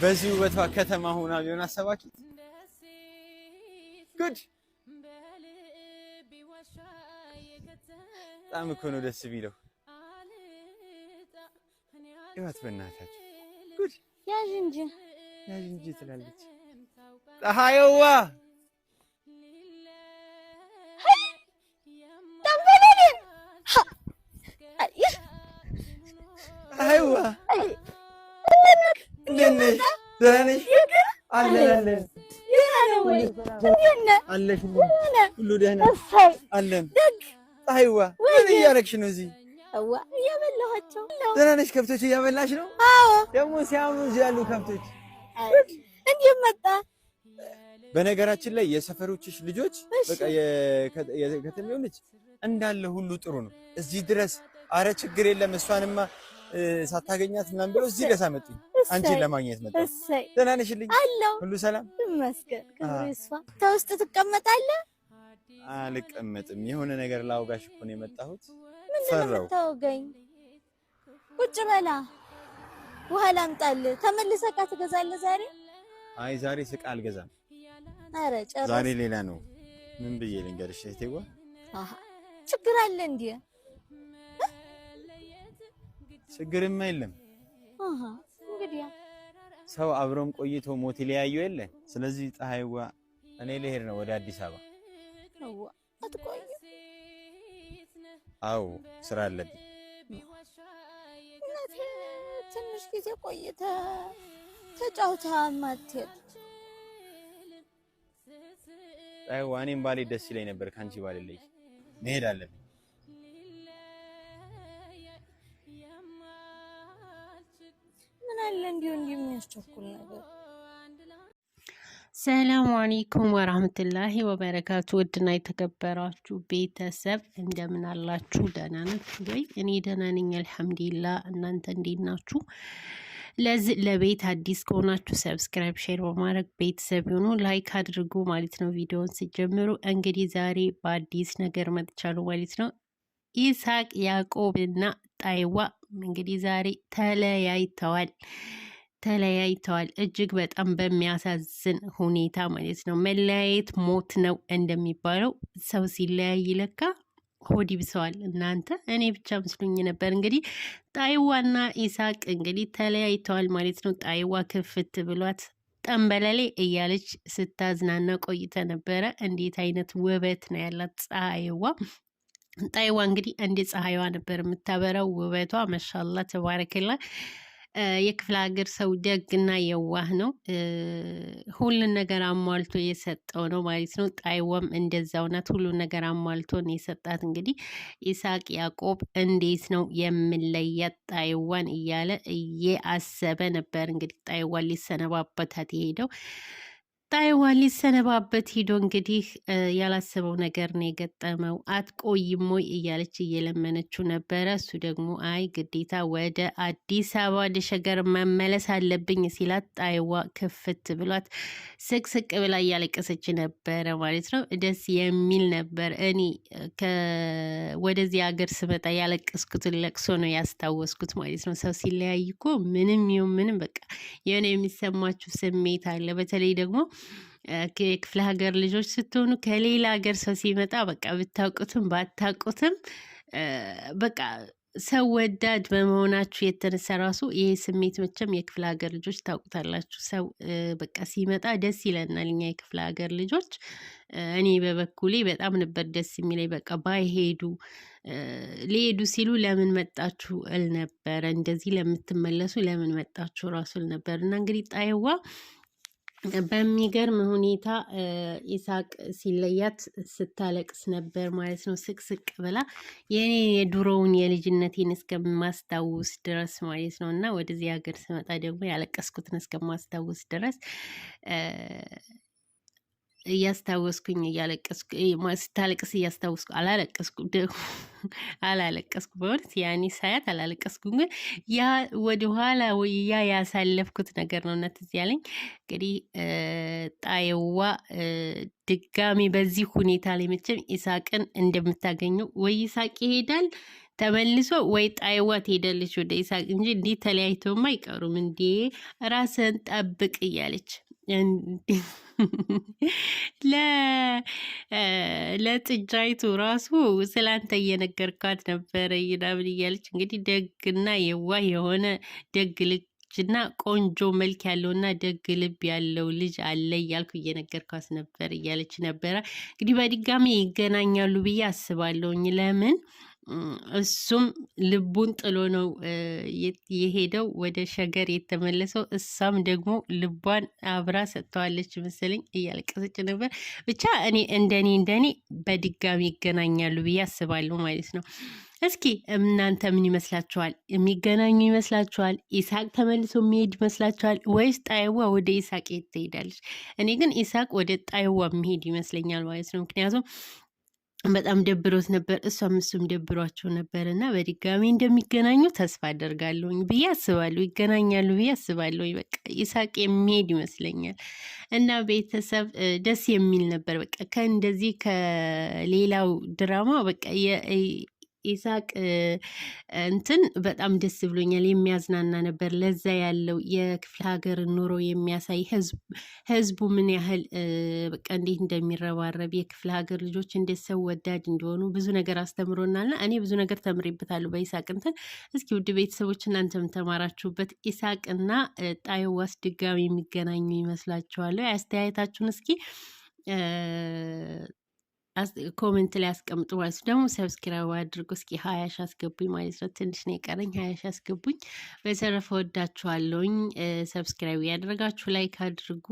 በዚህ ውበቷ ከተማ ሆና ቢሆን አሰባችሁ? ጉድ! በጣም እኮ ነው ደስ ቢለው። ይወት በእናታችሁ ጉድ! ያዥ እንጂ ያዥ እንጂ ትላለች። ፀሐይዋ ፀሐይዋ ደህና ነሽ? አለን አለሽ? ሁሉ ነው እዚህ? እያበላኋቸው። ከብቶች እያበላሽ ነው? ደግሞ ሲያምኑ እዚህ ያሉ ከብቶች እንዴት መጣ? በነገራችን ላይ የሰፈሮችሽ ልጆች በቃ እንዳለ ሁሉ ጥሩ ነው። እዚህ ድረስ አረ ችግር የለም እሷንማ ሳታገኛት ምናምን ብለው እዚህ ድረስ አመጡኝ። አንቺን ለማግኘት መጣሁ። ደህና ነሽልኝ? አለሁ። ሁሉ ሰላም ይመስገን። ክብሩ ይስፋ። ተውስጥ ትቀመጣለህ? አልቀመጥም። የሆነ ነገር ላውጋሽ እኮ ነው የመጣሁት። ምንድን ነው የምታወጋኝ? ቁጭ በላ። ውሃ ላምጣልህ። ተመልሰህ ዕቃ ትገዛለህ ዛሬ? አይ ዛሬ ስቃ አልገዛም። ኧረ ጨርስ። ዛሬ ሌላ ነው። ምን ብዬ ልንገርሽ እህቴዋ? አሃ ችግር አለ እንዴ? ችግርማ የለም። አሃ ሰው አብረን ቆይቶ ሞት ሊያዩ የለ። ስለዚህ ፀሐይዋ እኔ ልሄድ ነው ወደ አዲስ አበባ። አዎ ስራ አለብኝ። ትንሽ ጊዜ ቆይተ ተጫውታ ማትሄድ ፀሐይዋ፣ እኔም ባሌ ደስ ይለኝ ነበር ከአንቺ ባልለይ። መሄድ አለብኝ አለ እንዲሆን የሚያስቸኩል ነገር። ሰላሙ አለይኩም ወራህመቱላሂ ወበረካቱ። ውድና የተከበራችሁ ቤተሰብ እንደምን አላችሁ? ደህና ናችሁ ወይ? እኔ ደህና ነኝ አልሐምዱሊላህ። እናንተ እንዴት ናችሁ? ለዚህ ለቤት አዲስ ከሆናችሁ ሰብስክራይብ፣ ሼር በማድረግ ቤተሰብ ይሁኑ። ላይክ አድርጉ ማለት ነው ቪዲዮውን ሲጀምሩ። እንግዲህ ዛሬ በአዲስ ነገር መጥቻለሁ ማለት ነው። ኢሳቅ ያዕቆብና ጣይዋ እንግዲህ ዛሬ ተለያይተዋል ተለያይተዋል እጅግ በጣም በሚያሳዝን ሁኔታ ማለት ነው። መለያየት ሞት ነው እንደሚባለው ሰው ሲለያይ ለካ ሆድ ይብሰዋል። እናንተ እኔ ብቻ ምስሉኝ ነበር። እንግዲህ ጣይዋና ኢሳቅ እንግዲህ ተለያይተዋል ማለት ነው። ጣይዋ ክፍት ብሏት ጠንበለሌ እያለች ስታዝናና ቆይተ ነበረ። እንዴት አይነት ውበት ነው ያላት ፀሐይዋ! ጣይዋ እንግዲህ እንደ ፀሐይዋ ነበር የምታበራው። ውበቷ መሻላ ተባረክላ። የክፍለ ሀገር ሰው ደግና የዋህ ነው። ሁሉን ነገር አሟልቶ የሰጠው ነው ማለት ነው። ጣይዋም እንደዛው ናት። ሁሉን ነገር አሟልቶን የሰጣት እንግዲህ ኢሳቅ ያዕቆብ እንዴት ነው የምለያት ጣይዋን እያለ እየአሰበ ነበር እንግዲህ ጣይዋን ሊሰነባበታት የሄደው። ጣይዋ ሊሰነባበት ሂዶ እንግዲህ ያላሰበው ነገር ነው የገጠመው። አትቆይም ወይ እያለች እየለመነችው ነበረ። እሱ ደግሞ አይ ግዴታ ወደ አዲስ አበባ ደሸገር መመለስ አለብኝ ሲላት ጣይዋ ክፍት ብሏት ስቅስቅ ብላ እያለቀሰች ነበረ ማለት ነው። ደስ የሚል ነበር። እኔ ወደዚህ ሀገር ስመጣ ያለቀስኩትን ለቅሶ ነው ያስታወስኩት ማለት ነው። ሰው ሲለያይ እኮ ምንም ይሁን ምንም በቃ የሆነ የሚሰማችሁ ስሜት አለ። በተለይ ደግሞ የክፍለ ሀገር ልጆች ስትሆኑ ከሌላ ሀገር ሰው ሲመጣ በቃ ብታውቁትም ባታውቁትም በቃ ሰው ወዳድ በመሆናችሁ የተነሳ ራሱ ይሄ ስሜት መቼም የክፍለ ሀገር ልጆች ታውቁታላችሁ። ሰው በቃ ሲመጣ ደስ ይለናል። እኛ የክፍለ ሀገር ልጆች እኔ በበኩሌ በጣም ነበር ደስ የሚለኝ። በቃ ባይሄዱ ሊሄዱ ሲሉ ለምን መጣችሁ እል ነበረ። እንደዚህ ለምትመለሱ ለምን መጣችሁ ራሱ እል ነበር እና እንግዲህ ጣይዋ በሚገርም ሁኔታ ኢሳቅ ሲለያት ስታለቅስ ነበር ማለት ነው። ስቅስቅ ብላ የኔ የድሮውን የልጅነቴን እስከማስታውስ ድረስ ማለት ነው እና ወደዚህ ሀገር ስመጣ ደግሞ ያለቀስኩትን እስከማስታውስ ድረስ እያስታወስኩኝ እያለቀስኩ ስታለቅስ እያስታወስኩ አላለቀስኩ አላለቀስኩ በእውነት ያኔ ሳያት አላለቀስኩ። ግን ያ ወደኋላ ያ ያሳለፍኩት ነገር ነው እና ትዝ ያለኝ እንግዲህ ጣየዋ ድጋሚ በዚህ ሁኔታ ላይ መቼም ኢሳቅን እንደምታገኘው ወይ ኢሳቅ ይሄዳል ተመልሶ ወይ ጣይዋ ትሄዳለች ወደ ኢሳቅ እንጂ እንዲህ ተለያይተውም አይቀሩም። እንዴ ራስን ጠብቅ እያለች ለጥጃይቱ ራሱ ስላንተ እየነገርኳት ነበረ ይዳምን እያለች እንግዲህ ደግና የዋህ የሆነ ደግ ልጅና ቆንጆ መልክ ያለውና ደግ ልብ ያለው ልጅ አለ እያልኩ እየነገርኳት ነበር እያለች ነበረ። እንግዲህ በድጋሚ ይገናኛሉ ብዬ አስባለሁኝ ለምን እሱም ልቡን ጥሎ ነው የሄደው ወደ ሸገር የተመለሰው። እሷም ደግሞ ልቧን አብራ ሰጥተዋለች መሰለኝ፣ እያለቀሰች ነበር። ብቻ እኔ እንደኔ እንደኔ በድጋሚ ይገናኛሉ ብዬ አስባለሁ ማለት ነው። እስኪ እናንተ ምን ይመስላችኋል? የሚገናኙ ይመስላችኋል? ኢሳቅ ተመልሶ የሚሄድ ይመስላችኋል? ወይስ ጣይዋ ወደ ኢሳቅ የት ትሄዳለች? እኔ ግን ኢሳቅ ወደ ጣይዋ የሚሄድ ይመስለኛል ማለት ነው ምክንያቱም በጣም ደብሮት ነበር። እሷም እሱም ደብሯቸው ነበር እና በድጋሚ እንደሚገናኙ ተስፋ አደርጋለሁኝ ብዬ አስባለሁ። ይገናኛሉ ብዬ አስባለሁ። በቃ ይሳቅ የሚሄድ ይመስለኛል እና ቤተሰብ ደስ የሚል ነበር። በቃ ከእንደዚህ ከሌላው ድራማ በቃ ኢሳቅ እንትን በጣም ደስ ብሎኛል። የሚያዝናና ነበር። ለዛ ያለው የክፍለ ሀገር ኑሮ የሚያሳይ ህዝቡ ምን ያህል በቃ እንዴት እንደሚረባረብ የክፍለ ሀገር ልጆች እንዴት ሰው ወዳጅ እንደሆኑ ብዙ ነገር አስተምሮናልና እኔ ብዙ ነገር ተምሬበታለሁ በኢሳቅ እንትን። እስኪ ውድ ቤተሰቦች እናንተም ተማራችሁበት። ኢሳቅና ጣይዋስ ድጋሚ የሚገናኙ ይመስላችኋል? አስተያየታችሁን እስኪ ኮሜንት ላይ አስቀምጡ ማለት ደግሞ ሰብስክራይብ አድርጉ እስኪ ሀያ ሺ አስገቡኝ ማለት ነው። ትንሽ ነው የቀረኝ፣ ሀያ ሺ አስገቡኝ። በተረፈ ወዳችኋለውኝ ሰብስክራይብ ያደረጋችሁ ላይክ አድርጉ።